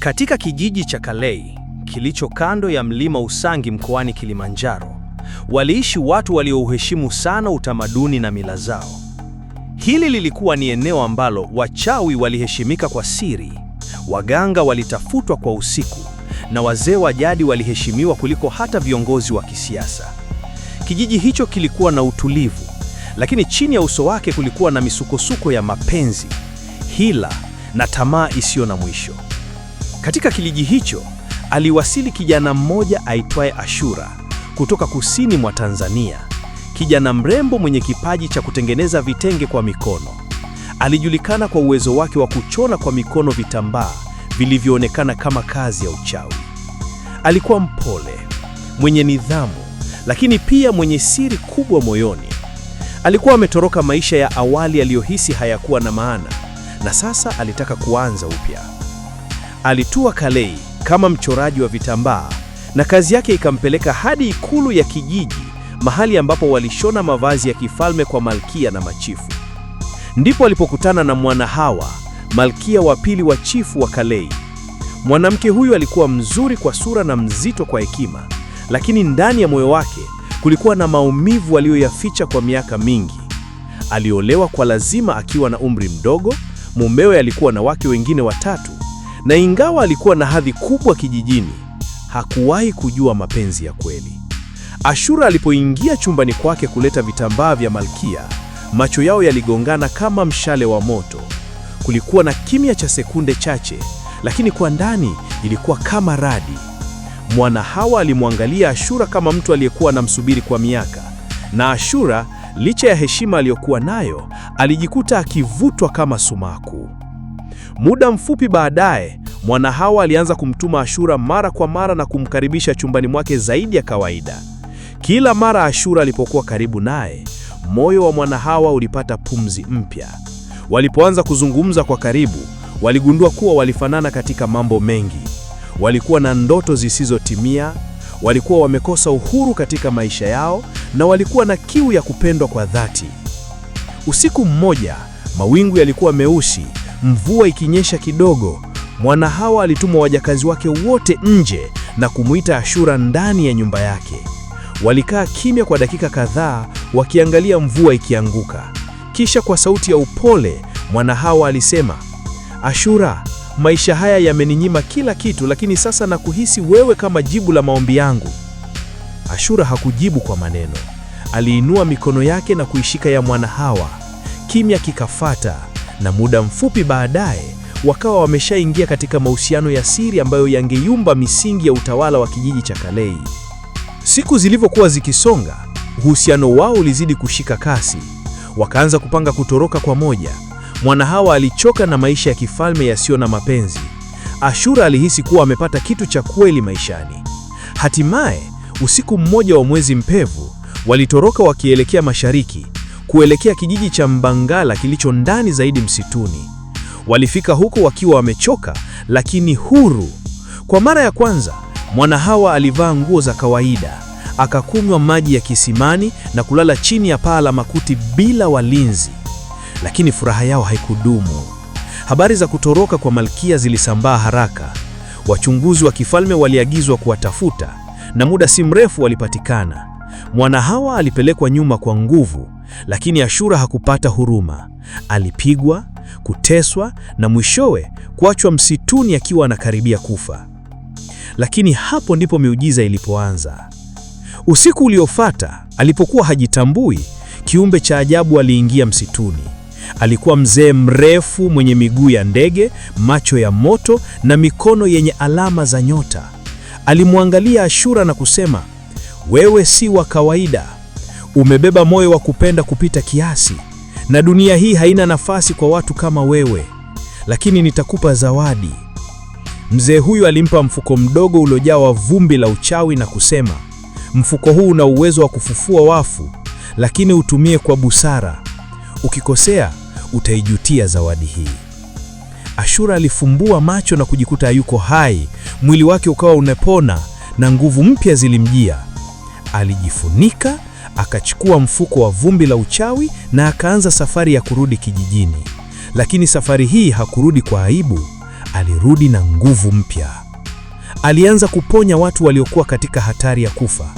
Katika kijiji cha Kalei kilicho kando ya mlima Usangi mkoani Kilimanjaro, waliishi watu waliouheshimu sana utamaduni na mila zao. Hili lilikuwa ni eneo ambalo wachawi waliheshimika kwa siri, waganga walitafutwa kwa usiku, na wazee wa jadi waliheshimiwa kuliko hata viongozi wa kisiasa. Kijiji hicho kilikuwa na utulivu, lakini chini ya uso wake kulikuwa na misukosuko ya mapenzi, hila na tamaa isiyo na mwisho. Katika kijiji hicho aliwasili kijana mmoja aitwaye Ashura kutoka kusini mwa Tanzania, kijana mrembo mwenye kipaji cha kutengeneza vitenge kwa mikono. Alijulikana kwa uwezo wake wa kuchona kwa mikono vitambaa vilivyoonekana kama kazi ya uchawi. Alikuwa mpole, mwenye nidhamu, lakini pia mwenye siri kubwa moyoni. Alikuwa ametoroka maisha ya awali aliyohisi hayakuwa na maana, na sasa alitaka kuanza upya. Alitua kalei kama mchoraji wa vitambaa na kazi yake ikampeleka hadi ikulu ya kijiji, mahali ambapo walishona mavazi ya kifalme kwa malkia na machifu. Ndipo alipokutana na mwana hawa malkia wa pili wa chifu wa kalei Mwanamke huyu alikuwa mzuri kwa sura na mzito kwa hekima, lakini ndani ya moyo wake kulikuwa na maumivu aliyoyaficha kwa miaka mingi. Aliolewa kwa lazima akiwa na umri mdogo, mumewe alikuwa na wake wengine watatu na ingawa alikuwa na hadhi kubwa kijijini, hakuwahi kujua mapenzi ya kweli. Ashura alipoingia chumbani kwake kuleta vitambaa vya Malkia, macho yao yaligongana kama mshale wa moto. Kulikuwa na kimya cha sekunde chache, lakini kwa ndani ilikuwa kama radi. Mwana Hawa alimwangalia Ashura kama mtu aliyekuwa anamsubiri kwa miaka, na Ashura licha ya heshima aliyokuwa nayo alijikuta akivutwa kama sumaku. Muda mfupi baadaye, mwana Hawa alianza kumtuma Ashura mara kwa mara na kumkaribisha chumbani mwake zaidi ya kawaida. Kila mara Ashura alipokuwa karibu naye, moyo wa mwana Hawa ulipata pumzi mpya. Walipoanza kuzungumza kwa karibu, waligundua kuwa walifanana katika mambo mengi. Walikuwa na ndoto zisizotimia, walikuwa wamekosa uhuru katika maisha yao, na walikuwa na kiu ya kupendwa kwa dhati. Usiku mmoja, mawingu yalikuwa meusi Mvua ikinyesha kidogo, mwana Hawa alitumwa wajakazi wake wote nje na kumwita Ashura ndani ya nyumba yake. Walikaa kimya kwa dakika kadhaa wakiangalia mvua ikianguka. Kisha kwa sauti ya upole, mwana Hawa alisema, Ashura, maisha haya yameninyima kila kitu, lakini sasa nakuhisi wewe kama jibu la maombi yangu. Ashura hakujibu kwa maneno. Aliinua mikono yake na kuishika ya mwana Hawa. Kimya kikafata na muda mfupi baadaye wakawa wameshaingia katika mahusiano ya siri ambayo yangeyumba misingi ya utawala wa kijiji cha Kalei. Siku zilivyokuwa zikisonga, uhusiano wao ulizidi kushika kasi. Wakaanza kupanga kutoroka kwa moja. Mwanahawa alichoka na maisha ya kifalme yasiyo na mapenzi. Ashura alihisi kuwa amepata kitu cha kweli maishani. Hatimaye, usiku mmoja wa mwezi mpevu, walitoroka wakielekea mashariki kuelekea kijiji cha Mbangala kilicho ndani zaidi msituni. Walifika huko wakiwa wamechoka lakini huru. Kwa mara ya kwanza, mwana Hawa alivaa nguo za kawaida, akakunywa maji ya kisimani na kulala chini ya paa la makuti bila walinzi. Lakini furaha yao haikudumu. Habari za kutoroka kwa Malkia zilisambaa haraka. Wachunguzi wa kifalme waliagizwa kuwatafuta na muda si mrefu walipatikana. Mwana Hawa alipelekwa nyuma kwa nguvu lakini Ashura hakupata huruma. Alipigwa, kuteswa na mwishowe kuachwa msituni akiwa anakaribia kufa. Lakini hapo ndipo miujiza ilipoanza. Usiku uliofuata, alipokuwa hajitambui, kiumbe cha ajabu aliingia msituni. Alikuwa mzee mrefu mwenye miguu ya ndege, macho ya moto na mikono yenye alama za nyota. Alimwangalia Ashura na kusema, wewe si wa kawaida. Umebeba moyo wa kupenda kupita kiasi, na dunia hii haina nafasi kwa watu kama wewe, lakini nitakupa zawadi. Mzee huyu alimpa mfuko mdogo uliojawa vumbi la uchawi na kusema, mfuko huu una uwezo wa kufufua wafu, lakini utumie kwa busara. Ukikosea utaijutia zawadi hii. Ashura alifumbua macho na kujikuta hayuko hai, mwili wake ukawa unepona na nguvu mpya zilimjia. Alijifunika akachukua mfuko wa vumbi la uchawi na akaanza safari ya kurudi kijijini. Lakini safari hii hakurudi kwa aibu, alirudi na nguvu mpya. Alianza kuponya watu waliokuwa katika hatari ya kufa.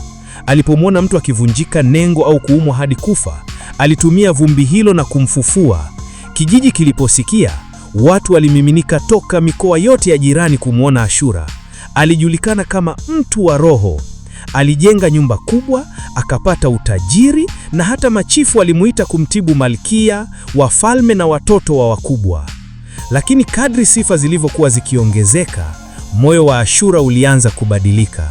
Alipomwona mtu akivunjika nengo au kuumwa hadi kufa, alitumia vumbi hilo na kumfufua. Kijiji kiliposikia, watu walimiminika toka mikoa yote ya jirani kumwona Ashura. Alijulikana kama mtu wa roho, Alijenga nyumba kubwa, akapata utajiri na hata machifu alimuita kumtibu malkia, wafalme na watoto wa wakubwa. Lakini kadri sifa zilivyokuwa zikiongezeka, moyo wa Ashura ulianza kubadilika.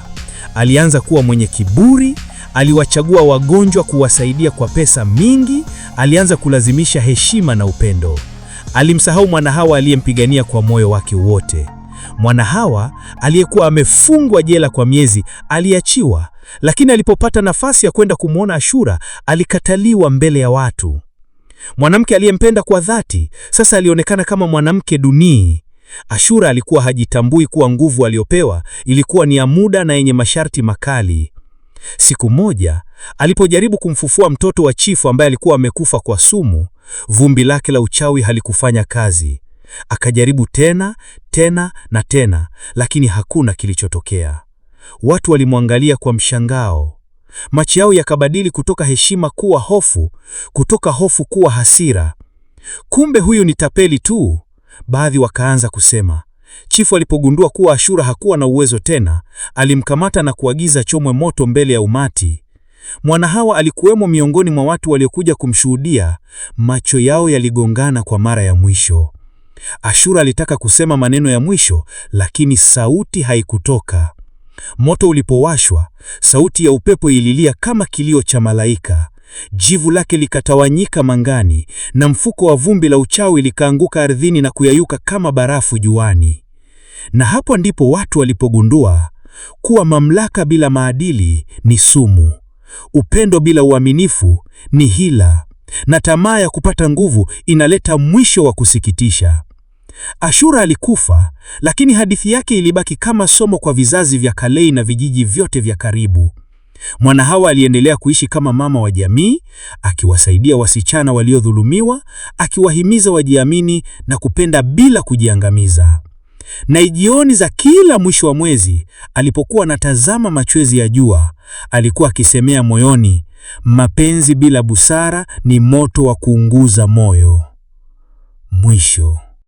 Alianza kuwa mwenye kiburi, aliwachagua wagonjwa kuwasaidia kwa pesa mingi, alianza kulazimisha heshima na upendo. Alimsahau Mwanahawa aliyempigania kwa moyo wake wote. Mwana Hawa aliyekuwa amefungwa jela kwa miezi aliachiwa, lakini alipopata nafasi ya kwenda kumwona Ashura alikataliwa mbele ya watu. Mwanamke aliyempenda kwa dhati sasa alionekana kama mwanamke dunii. Ashura alikuwa hajitambui kuwa nguvu aliyopewa ilikuwa ni ya muda na yenye masharti makali. Siku moja alipojaribu kumfufua mtoto wa chifu ambaye alikuwa amekufa kwa sumu, vumbi lake la uchawi halikufanya kazi. Akajaribu tena tena na tena, lakini hakuna kilichotokea. Watu walimwangalia kwa mshangao. Macho yao yakabadili kutoka heshima kuwa hofu, kutoka hofu kuwa hasira. Kumbe huyu ni tapeli tu, baadhi wakaanza kusema. Chifu alipogundua kuwa Ashura hakuwa na uwezo tena, alimkamata na kuagiza chomwe moto mbele ya umati. Mwanahawa alikuwemo miongoni mwa watu waliokuja kumshuhudia. Macho yao yaligongana kwa mara ya mwisho. Ashura alitaka kusema maneno ya mwisho, lakini sauti haikutoka. Moto ulipowashwa, sauti ya upepo ililia kama kilio cha malaika. Jivu lake likatawanyika mangani na mfuko wa vumbi la uchawi likaanguka ardhini na kuyayuka kama barafu juani. Na hapo ndipo watu walipogundua kuwa mamlaka bila maadili ni sumu, upendo bila uaminifu ni hila, na tamaa ya kupata nguvu inaleta mwisho wa kusikitisha. Ashura alikufa, lakini hadithi yake ilibaki kama somo kwa vizazi vya Kalei na vijiji vyote vya karibu. Mwana Hawa aliendelea kuishi kama mama wa jamii, akiwasaidia wasichana waliodhulumiwa, akiwahimiza wajiamini na kupenda bila kujiangamiza. Na jioni za kila mwisho wa mwezi, alipokuwa anatazama machwezi ya jua, alikuwa akisemea moyoni, mapenzi bila busara ni moto wa kuunguza moyo. Mwisho.